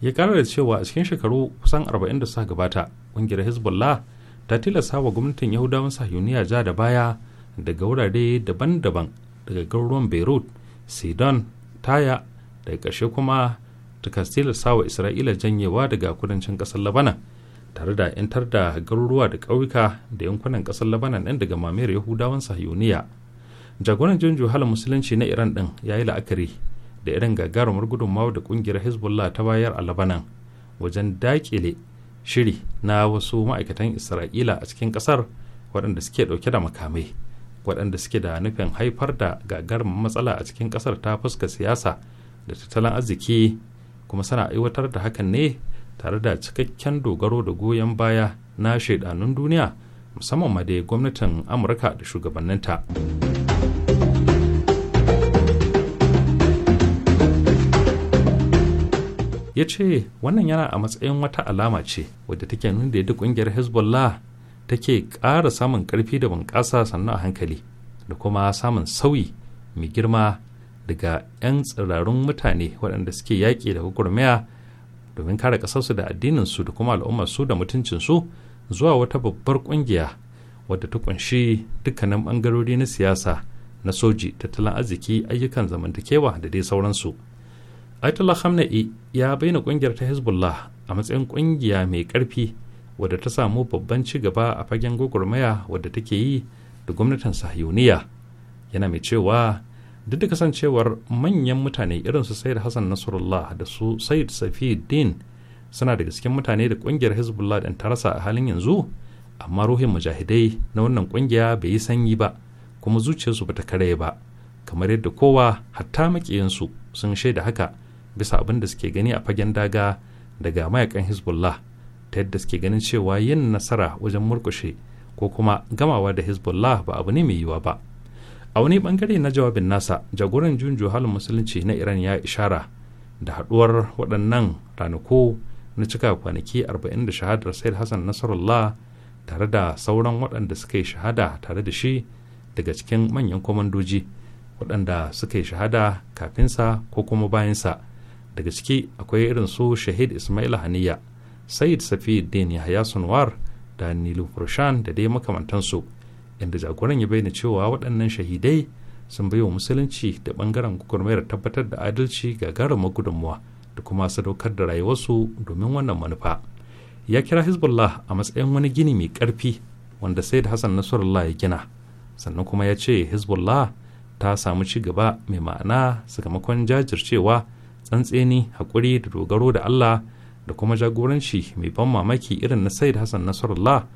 ya kara da cewa a cikin shekaru kusan 40 da suka gabata ƙungiyar hezbollah ta tilasta wa gwamnatin yahudawan sayuniya ja da baya daga wurare daban-daban daga garuruwan beirut sidon taya daga ƙarshe kuma ta tilasta wa isra'ila janyewa daga kudancin ƙasar labanan tare da 'yantar da garuruwa da ƙauyuka da yankunan ƙasar labanan ɗin daga mamayar yahudawan sahiyoniya jagoran jin halin musulunci na iran ɗin ya yi la'akari da irin gagarumar gudunmawa da ƙungiyar hezbollah ta bayar a labanan wajen daƙile shiri na wasu ma'aikatan isra'ila a cikin ƙasar waɗanda suke ɗauke da makamai waɗanda suke da nufin haifar da gagarumar matsala a cikin ƙasar ta fuska siyasa da tattalin arziki kuma suna aiwatar da hakan ne tare da cikakken dogaro da goyon baya na shaidanun duniya musamman ma dai gwamnatin amurka da shugabanninta ya ce wannan yana a matsayin wata alama ce wadda take nuna da yadda kungiyar hezbollah take ƙara samun ƙarfi da bunƙasa sannan a hankali da kuma samun sauyi mai girma daga 'yan tsirarun mutane waɗanda suke yaƙi da gwagwarmaya domin kare ƙasarsu da addininsu da kuma al'ummarsu da mutuncinsu zuwa wata babbar ƙungiya wadda ta ƙunshi dukkanin ɓangarori na siyasa na soji tattalin arziki ayyukan zamantakewa da dai sauransu Ayatollah hamna'i ya bayyana ƙungiyar ta Hezbollah a matsayin ƙungiya mai ƙarfi wadda ta samu babban ci gaba a fagen gwagwarmaya wadda take yi da gwamnatin sahiyuniya yana mai cewa duk da kasancewar manyan mutane irin su sayid hassan nasrullah da su safi safiuddin suna daga cikin mutane da kungiyar hezbollah da rasa a halin yanzu amma ruhin mujahidai na wannan kungiya bai yi sanyi ba kuma zuciyarsu bata karaya ba kamar yadda kowa hatta makiyansu sun shaida haka bisa abin da suke gani a fagen daga daga mayakan hezbollah ta yadda suke ganin cewa yin nasara wajen murkushe ko kuma gamawa da hezbollah ba abu ne mai yiwuwa ba a wani bangare na jawabin nasa jagoran junjo halin musulunci na iran ya ishara da haduwar waɗannan ranako na cika kwanaki arba'in da shahadar said hassan nasarullah tare da sauran waɗanda suka yi shahada tare da shi daga cikin manyan kwamandoji waɗanda suka yi shahada kafinsa ko kuma bayansa daga ciki akwai irin su shahid ismail haniya said safi din yahya sunwar da nilu furshan da dai makamantansu inda jagoran ya bayyana cewa waɗannan shahidai sun baiwa musulunci da ɓangaren gwagwarmayar tabbatar da adalci ga garin magudanmuwa da kuma sadaukar da rayuwarsu domin wannan manufa ya kira hezbollah a matsayin wani gini mai ƙarfi wanda said hassan nasarallah ya gina sannan kuma ya ce hezbollah ta samu ci gaba mai ma'ana sakamakon jajircewa tsantseni haƙuri da dogaro da allah da kuma jagoranci mai ban mamaki irin na said hassan nasarallah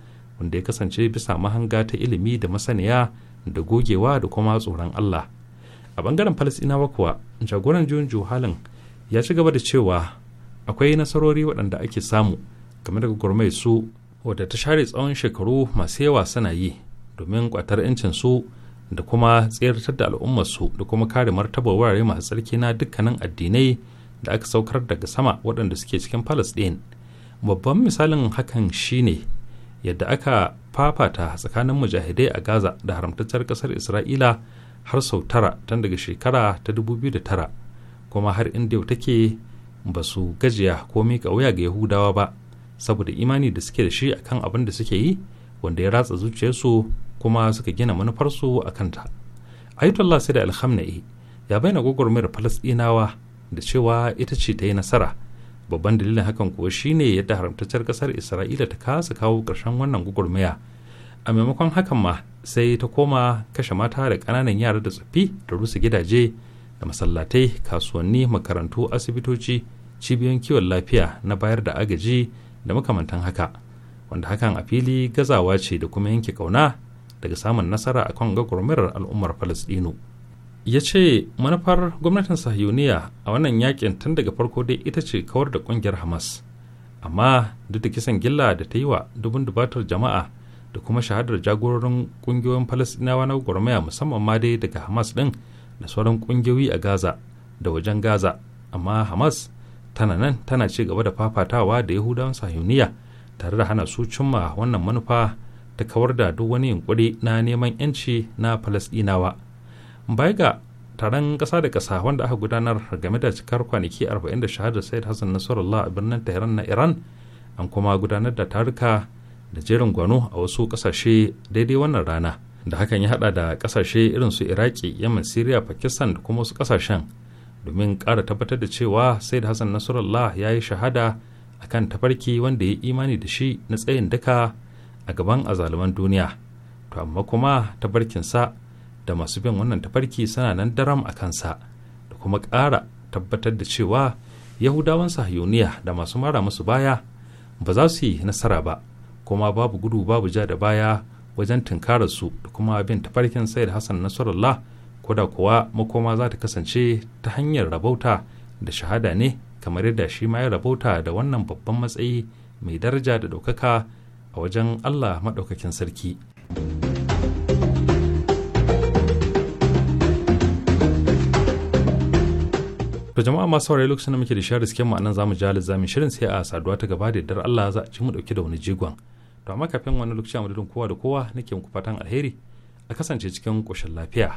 wanda ya kasance bisa mahanga ta ilimi da masaniya da gogewa da kuma tsoron Allah. A bangaren Falasinawa kuwa, jagoran juyin juhalin ya ci gaba da cewa akwai nasarori waɗanda ake samu game daga gurmai su wadda ta share tsawon shekaru masu yawa suna yi domin kwatar 'yancin su da kuma tsayartar da su da kuma kare martaba wurare masu tsarki na dukkanin addinai da aka saukar daga sama waɗanda suke cikin Falasɗin. Babban misalin hakan shine yadda aka fafata tsakanin mujahidai a gaza da haramtacciyar kasar isra'ila har sau tara tun daga shekara ta 2009 kuma har inda take ba su gajiya ko miƙa wuya ga yahudawa ba saboda imani da suke da shi akan abin da suke yi wanda ya ratsa zuciyarsu kuma suka gina manufarsu a kanta ayatollah sai da alhamna'i ya bayyana gwagwarmayar falasɗinawa da cewa ita ce ta yi nasara babban dalilin hakan kuwa shine yadda haramtacciyar kasar isra'ila ta kasa kawo ƙarshen wannan gugurmaya a maimakon hakan ma sai ta koma kashe mata da ƙananan yara da tsaffi da rusa gidaje da masallatai kasuwanni makarantu asibitoci cibiyoyin kiwon lafiya na bayar da agaji da makamantan haka wanda hakan a fili gazawa ce da kuma yanke kauna daga samun nasara akan gwagwarmayar al'ummar falasɗinu ya ce manufar gwamnatin sahiyuniya a wannan yakin tun daga farko dai ita ce kawar da kungiyar hamas amma duk da kisan gilla da ta yi wa dubin dubatar jama'a da kuma shahadar jagororin kungiyoyin falastinawa na gwarmaya musamman ma dai daga hamas din da sauran kungiyoyi a gaza da wajen gaza amma hamas tana nan tana ci gaba da fafatawa da yahudawan sahiyuniya tare da hana su cimma wannan manufa ta kawar da duk wani yunkuri na neman yanci na falasdinawa bai ga taron ƙasa da ƙasa wanda aka gudanar game da cikar kwanaki 40 da shahadar sayyid hassan nasarallah a birnin tehran na iran an kuma gudanar da taruka da jerin gwano a wasu ƙasashe daidai wannan rana da hakan ya hada da ƙasashe irin su iraki yaman syria pakistan da kuma wasu ƙasashen domin ƙara tabbatar da cewa sayyid hassan nasarallah ya yi shahada akan tafarki wanda ya yi imani da shi na tsayin duka a gaban azaluman duniya to amma kuma tabarkinsa da masu bin wannan tafarki suna nan daram a kansa da kuma ƙara tabbatar da cewa yahudawan sahiyoniya da masu mara musu baya ba za su yi nasara ba kuma babu gudu babu ja da baya wajen tunkarar su da kuma bin tafarkin sayar hassan nasarallah ko da kuwa makoma za ta kasance ta hanyar rabauta da shahada ne kamar yadda shi ma ya rabauta da wannan babban matsayi mai daraja da ɗaukaka a wajen allah maɗaukakin sarki. to jama'a masu saurari lokacin da muke da shirin risken ma'anan zamu ji halin zamin shirin sai a saduwa ta gaba da yardar Allah za a ci mu dauke da wani jigon to amma kafin wani lokaci a madadin kowa da kowa nake muku fatan alheri a kasance cikin koshin lafiya.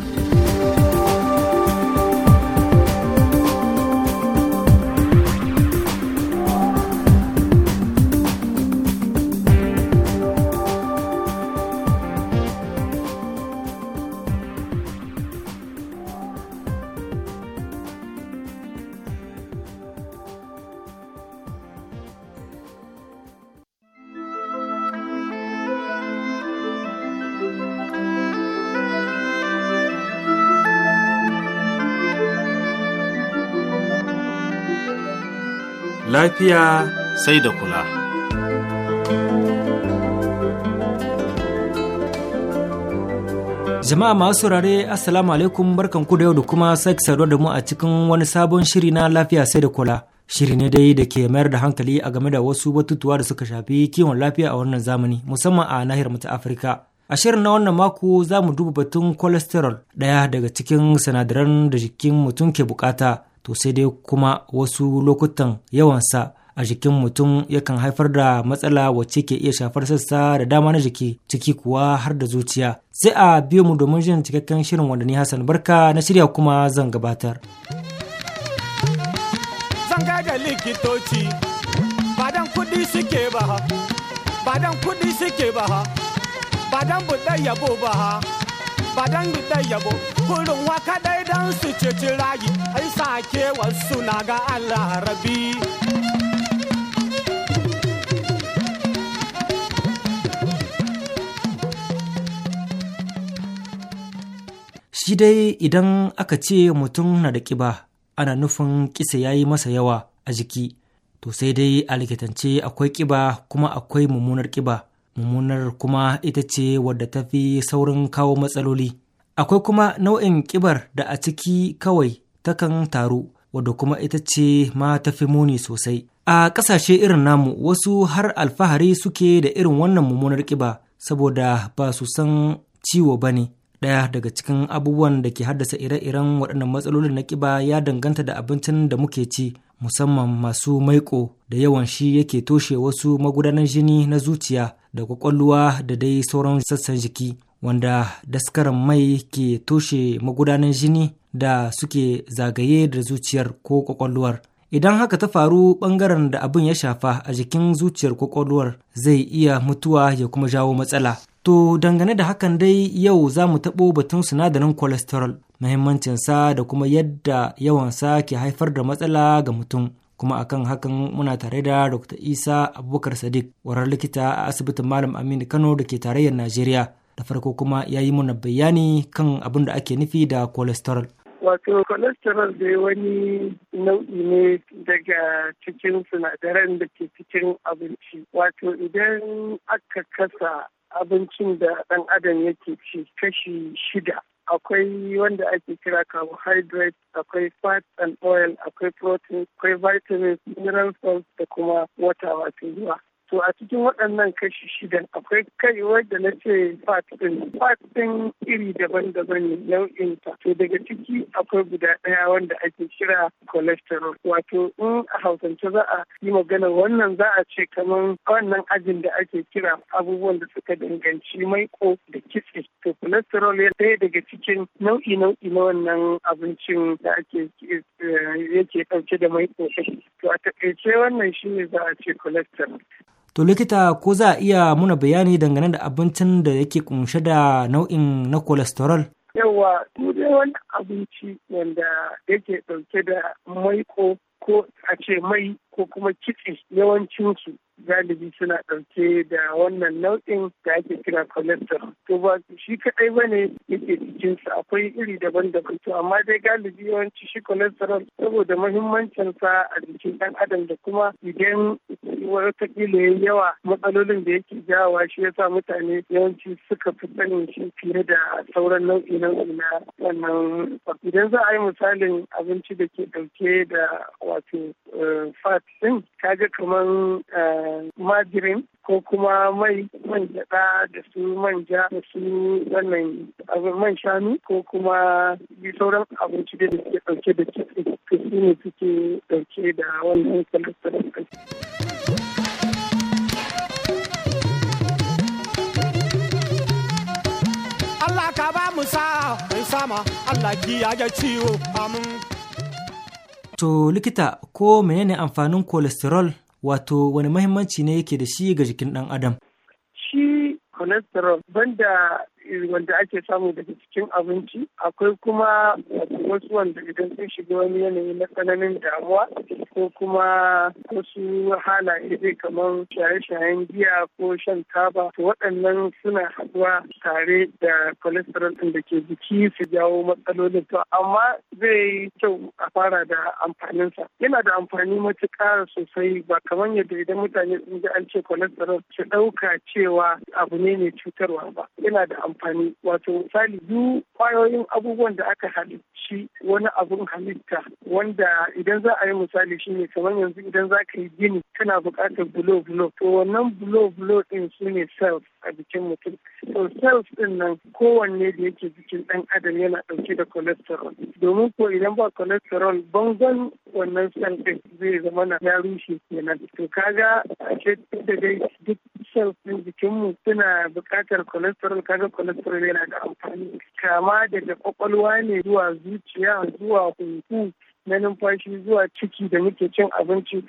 lafiya sai da kula. Jama'a masu saurare Assalamu alaikum barkanku da yau da kuma sake saduwa da mu a cikin wani sabon shiri na lafiya sai da kula. Shiri ne dai da ke mayar da hankali a game da wasu batutuwa da suka shafi kiwon lafiya a wannan zamani musamman a nahiyar mu ta Afirka. A shirin na wannan mako za mu duba batun cholesterol ɗaya daga cikin sinadaran da jikin mutum ke bukata to sai dai kuma wasu lokutan yawansa a jikin mutum yakan haifar da matsala wacce ke iya shafar sassa da dama na jiki ciki kuwa har da zuciya sai a biyo mu domin jin cikakken shirin wanda ni hassan barka na shirya kuma zan gabatar likitoci badan kudi suke ba ha, badan budan yabo yabo kurin waka dai don su ceci rayu ai sake wasu na ga Allah shi dai idan aka ce mutum na da ƙiba ana nufin kisa ya yi masa yawa a jiki to sai dai a likitance akwai ƙiba kuma akwai mummunar ƙiba mummunar kuma ita ce wadda ta fi saurin kawo matsaloli Akwai kuma nau'in ƙibar da a ciki kawai takan taru, wadda kuma ita ce ma tafi muni sosai. A ƙasashe irin namu wasu har alfahari suke da irin wannan mummunar ƙiba saboda ba su san ciwo ba ne. Ɗaya daga cikin abubuwan da ke haddasa ire-iren waɗannan matsalolin na ƙiba ya danganta da abincin da muke ci, musamman masu maiƙo, da yawan shi yake toshe wasu magudanan jini na zuciya da kwakwalwa da dai sauran sassan jiki. wanda daskaran mai ke toshe magudanan jini da suke zagaye da zuciyar ko kwakwalwar idan haka ta faru bangaren da abin ya shafa a jikin zuciyar kwakwalwar zai iya mutuwa ya kuma jawo matsala to dangane da hakan dai yau za mu taɓo batun sinadarin cholesterol muhimmancinsa da kuma yadda yawansa ke haifar da matsala ga mutum kuma akan hakan muna tare da dr isa abubakar sadiq warar likita a asibitin malam aminu kano da ke tarayyar najeriya da farko kuma ya yi mana bayani kan abin da ake nufi da cholesterol wato cholesterol dai wani nau'i ne daga cikin sinadaran da ke cikin abinci wato idan aka kasa abincin da ɗan adam yake ci kashi shida akwai wanda ake kira carbohydrate akwai fat and oil akwai protein akwai vitamins mineral salts da kuma wata wato ruwa to a cikin waɗannan kashi shidan akwai kaiwar da na ce fatin fatin iri daban-daban nau'in ta to daga ciki akwai guda ɗaya wanda ake kira cholesterol wato in a hausance za a yi magana wannan za a ce kamar wannan ajin da ake kira abubuwan da suka danganci maiko da kitse to cholesterol ya ɗaya daga cikin nau'i nau'i na wannan abincin da ake eh, yake ɗauke da maiko to a taƙaice wannan shine za a ce cholesterol To likita ko za a iya muna bayani dangane da abincin da yake kunshe da nau'in na cholesterol? Yawa, dai wani abinci wanda yake ɗauke da maiko ko a ce mai ko kuma kitse yawancinsu galibi suna ɗauke da wannan nau'in da ake kira cholesterol to ba shi kaɗai ba ne yake cikinsa akwai iri daban-daban to amma dai galibi yawanci shi cholesterol saboda muhimmancinsa a jikin ɗan adam da kuma idan wata kila ya yawa matsalolin da yake jawawa shi yasa mutane yawanci suka fi sanin shi fiye da sauran nau'i nau'i na wannan idan za a yi misalin abinci da ke ɗauke da wato eh, fat ɗin kaga kamar eh, madirin ko kuma mai man gyaɗa da su manja da su wannan abin man shanu ko kuma bi sauran abinci da suke ɗauke da kitse su ne suke ɗauke da wannan cholesterol Allah ka ba mu sa sama Allah ga ciwo amin. To likita ko menene amfanin cholesterol wato wani mahimmanci ne yake da shi ga jikin ɗan adam shi cholesterol banda wanda ake samu daga cikin abinci akwai kuma wasu wanda idan sun shiga wani yanayi na tsananin damuwa ko kuma wasu halaye zai kamar shaye-shayen giya ko shan taba to waɗannan suna haɗuwa tare da cholesterol ɗin da ke jiki su jawo matsalolin to amma zai kyau a fara da amfaninsa yana da amfani matuƙa sosai ba kamar yadda idan mutane sun ji an ce cholesterol su ɗauka cewa abu ne mai cutarwa ba yana da amfani wato misali duk kwayoyin abubuwan da aka halicci wani abun halitta wanda idan za a yi misali shine kamar yanzu idan za ka yi gini kana buƙatar bulo bulo to wannan bulo bulo din su ne cells a jikin mutum. So cells din nan kowanne da yake jikin ɗan adam yana ɗauke da cholesterol. Domin ko idan ba cholesterol bangon wannan cell din zai zama na ya rushe kenan. To kaga a ce da dai duk cells ɗin jikinmu suna buƙatar cholesterol kaga cholesterol yana da amfani. Kama daga kwakwalwa ne zuwa zuciya zuwa hunku na numfashi zuwa ciki da muke cin abinci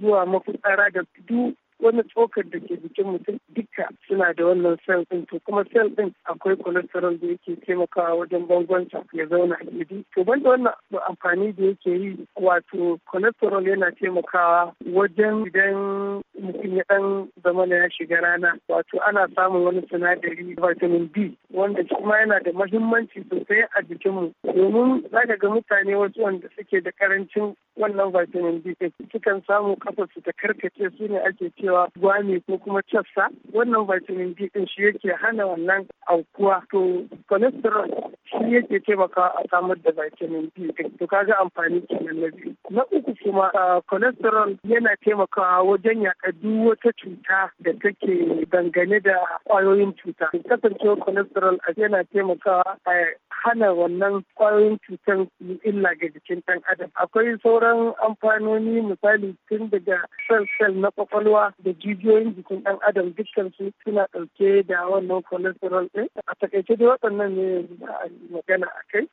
zuwa mafitsara da duk wani tsokar da ke jikin mutum duka suna da wannan sel din to kuma sel din akwai cholesterol da yake taimakawa wajen bangonta ya zauna a gidi to banda wannan amfani da yake yi wato cholesterol yana taimakawa wajen idan mutum ya dan zama ya shiga rana wato ana samun wani sinadari vitamin B wanda kuma yana da mahimmanci sosai a jikinmu domin zaka ga mutane wasu wanda suke da karancin wannan vitamin B sukan samu kafa su ta karkace su ne ake ci cewa gwami ko kuma cassa wannan vitamin D din shi yake hana wannan aukuwa to cholesterol shi yake taimakawa a samar da vitamin D din to kaga amfani kenan na biyu na uku kuma cholesterol yana taimakawa wajen yaƙa duk wata cuta da take dangane da kwayoyin cuta kasancewa cholesterol yana taimakawa a hana wannan kwayoyin cutar illa ga jikin ɗan adam akwai sauran amfanoni misali tun daga sel na kwakwalwa da jijiyoyin jikin ɗan adam dukkan su suna ɗauke da wannan cholesterol ɗin a takaice dai waɗannan ne magana a kai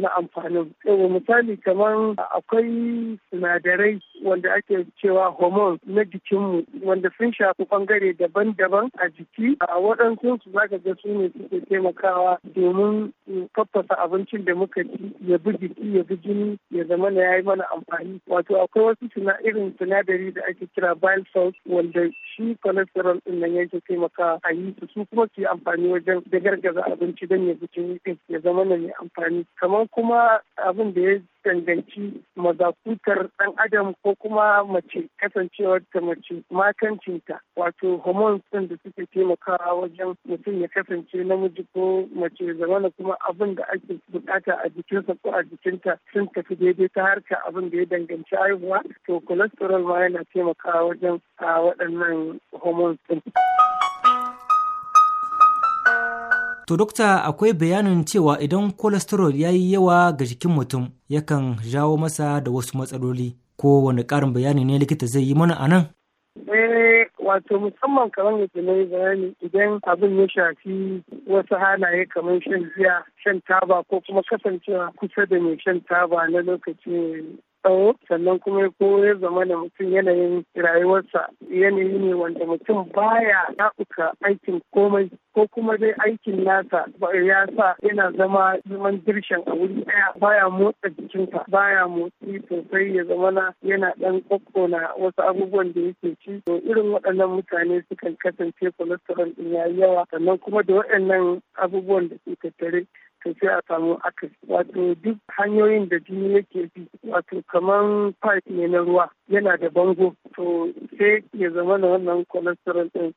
na amfanin yau misali kamar akwai sinadarai wanda ake cewa hormone na jikinmu wanda sun shafi bangare daban-daban a jiki a waɗansu su zaka ga su ne suke taimakawa domin mm, tafasa abincin da muka ci ya bi jiki ya bi jini ya zama na ya yi mana amfani wato akwai wasu suna irin sinadari da ake kira bile salt wanda shi cholesterol din nan yake taimaka a yi su su kuma su amfani wajen da gargaza abinci don ya bi jini ya zama na mai amfani kamar kuma abin da ya danganci mazakutar ɗan adam ko kuma mace kasancewar ta mace makancinta wato hormones din da suke taimakawa wajen mutum ya kasance namiji ko mace zamana kuma abin da ake bukata a jikinsa ko a jikinta sun tafi daidai ta harka abin da ya danganci haihuwa to cholesterol ma yana taimakawa wajen a waɗannan hormones din. To dokta akwai bayanin cewa idan cholesterol ya yi yawa ga jikin mutum yakan jawo masa da wasu matsaloli ko wani ƙarin bayani ne likita zai yi mana a nan? Eh, wato musamman kamar ya ke mai bayani idan abin ya shafi wasu halaye kamar shan giya shan taba ko kuma kasancewa kusa da mai shan taba na lokaci tsawo sannan kuma ko ya zama da mutum yanayin rayuwarsa yanayi ne wanda mutum baya ɗaɓuka aikin komai ko kuma dai aikin nasa ya sa yana zama zaman dirshen a wuri ɗaya baya motsa jikinsa baya motsi sosai ya zama na yana ɗan kokkona wasu abubuwan da yake ci to irin waɗannan mutane sukan kasance cholesterol ɗin yayi yawa sannan kuma da waɗannan abubuwan da ke tattare to sai a samu akai wato duk hanyoyin da jini yake bi wato kamar pipe ne na ruwa yana da bango to sai ya zama na wannan cholesterol din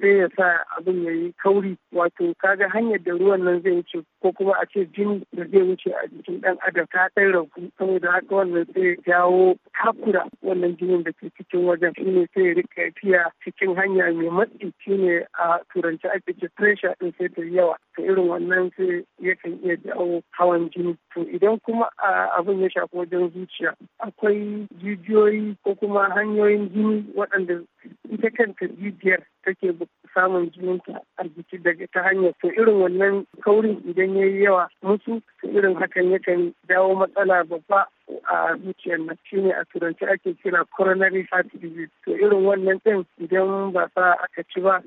sai ya sa abin ya yi kauri wato kaga hanyar da ruwan nan zai wuce ko kuma a ce jini da zai wuce a jikin dan adam ta ɗan ragu saboda haka wannan sai jawo takura wannan jinin da ke cikin wajen shine sai rika fiya cikin hanya mai matsi shine a turanci ake ce pressure din sai ta yawa ta irin wannan sai ya kan iya jawo hawan jini to idan kuma abin ya shafi wajen zuciya akwai jijiyoyi ko kuma hanyoyin jini waɗanda ita kanta jijiyar take samun jininta a jiki daga ta hanyar to irin wannan kaurin idan ya yi yawa musu to irin hakan yakan dawo matsala babba a zuciyar nan ne a turanci ake kira coronary heart disease to irin wannan ɗin idan ba sa aka ci ba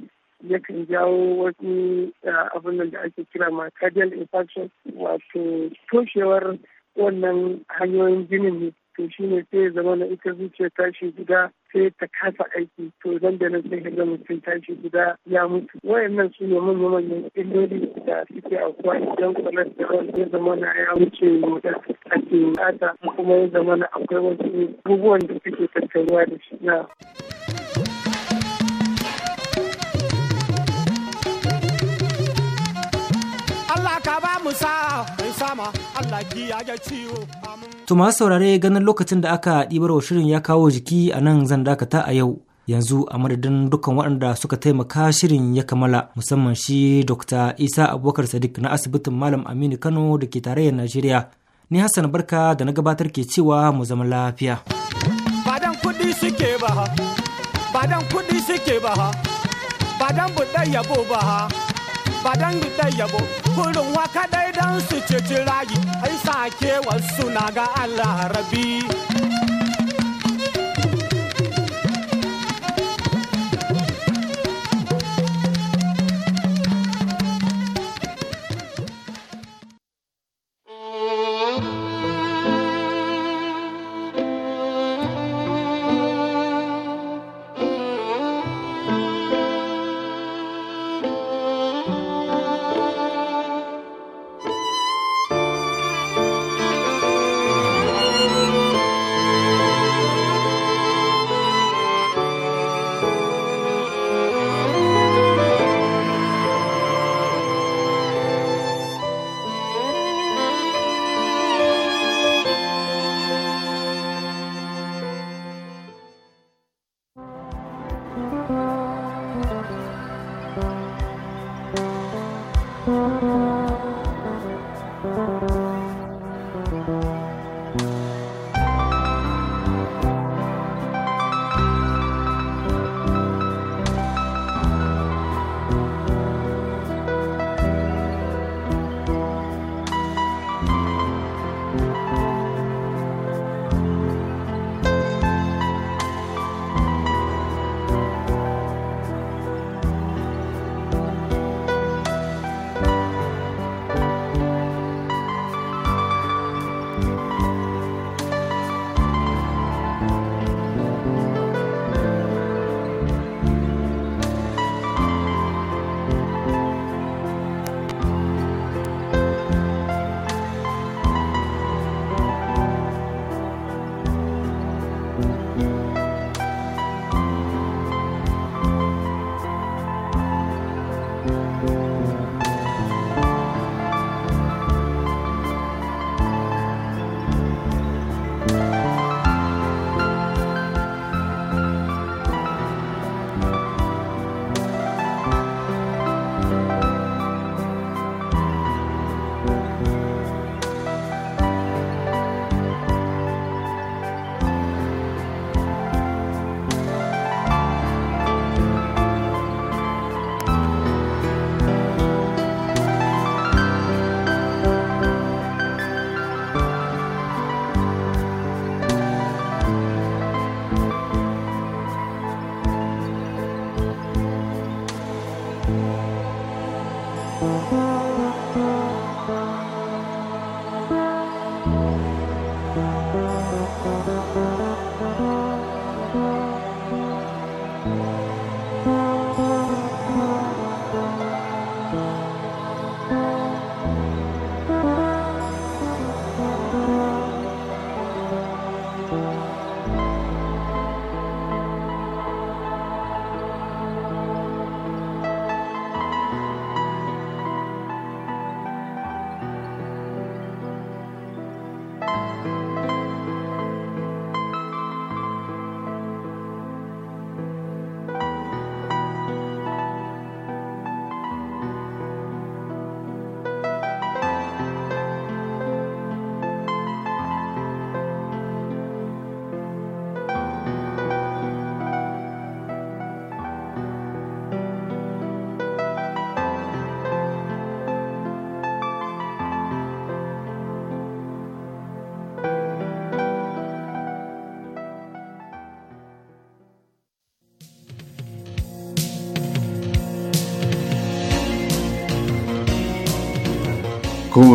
yakan jawo wasu eh, abin da ake kira ma cardiac infarction wato toshewar wannan hanyoyin jinin ne to shi ne sai ya zama na ita zuciya tashi guda sai ta kasa aiki to zan da nan sai ga mutum tashi guda ya mutu wayannan su ne manya manyan illoli da suke aukuwa idan cholesterol ya zama na ya wuce da ake bukata kuma ya zama na akwai wasu abubuwan da suke tattaruwa da shi na. To masu saurare ganin lokacin da aka ɗibar wa shirin ya kawo jiki a nan zan dakata a yau. Yanzu a madadin dukkan waɗanda suka taimaka shirin ya kamala musamman shi Dr. Isa Abubakar Sadiq na asibitin Malam Aminu Kano da ke tarayyar Najeriya. Ni Hassan Barka da na gabatar ke cewa mu zama lafiya. Badan kuɗi suke ba ha, badan kuɗi suke ba ha, badan yabo ba ba dan da yabo kurin waka dai dan su ceci rayi ai sake wasu na ga Allah rabi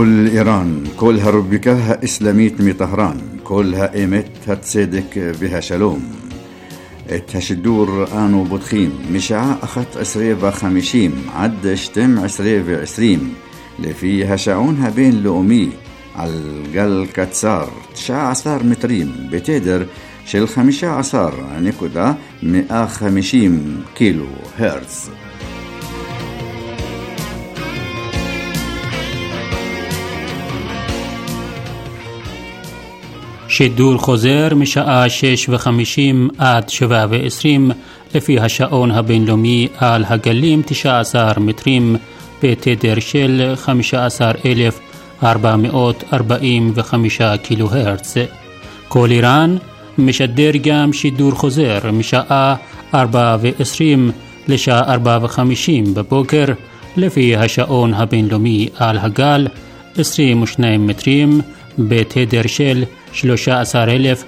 كل إيران كلها ربكها إسلاميت مي طهران كلها إيمت هتصدق بها شلوم الدور آنو بدخيم مشاع أخت عسرية وخمشيم عد شتم عسرية وعسريم لفي هشعونها بين لومي على الجل كتسار تشاع عصار متريم بتدر של 15 مئة خمشيم كيلو هرتز שידור חוזר משעה וחמישים עד ועשרים לפי השעון הבינלאומי על הגלים 19 מטרים בתדר של 15,445 קילו הרץ. כל איראן משדר גם שידור חוזר משעה ועשרים לשעה וחמישים בבוקר לפי השעון הבינלאומי על הגל 22 מטרים בתדר של 13,740